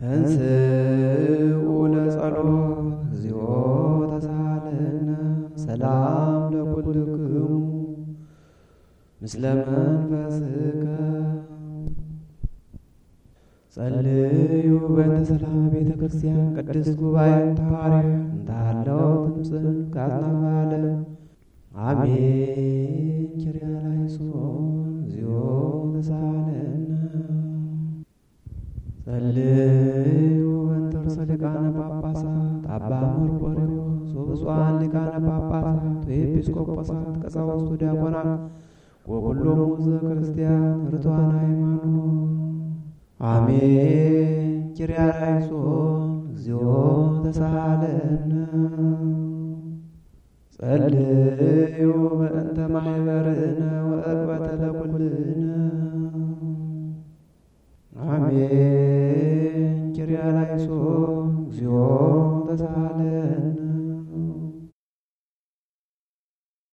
ተንስኡ ለጸሎት እግዚኦ ተሳለነ ሰላም ለኩልክሙ ምስለ መንፈስከ ጸልዩ በእንተ ቤተ ክርስቲያን ቅድስት ጉባኤ ተዋርያ እንታለው ትምፅእ ካዝናፈ አሜን ኪርያ ላይሶን እግዚኦ ተሳ ጸልዩ እንተርሰ ሊቃነ ጳጳሳት አባ መርቆሬዎስ ወብፁዓን ሊቃነ ጳጳሳት ወኤጲስቆጶሳት ቀሳውስቱ ዲያቆናት ወሁሉም ሕዝበ ክርስቲያን ርቱዓነ ሃይማኖት አሜን። ኪርያ እግዚኦ ተሳሃለነ ጸልዩ በእንተ ማኅበርነ ወዕቅበተ ለኩልነ እግዚኦ ተሳሃለነ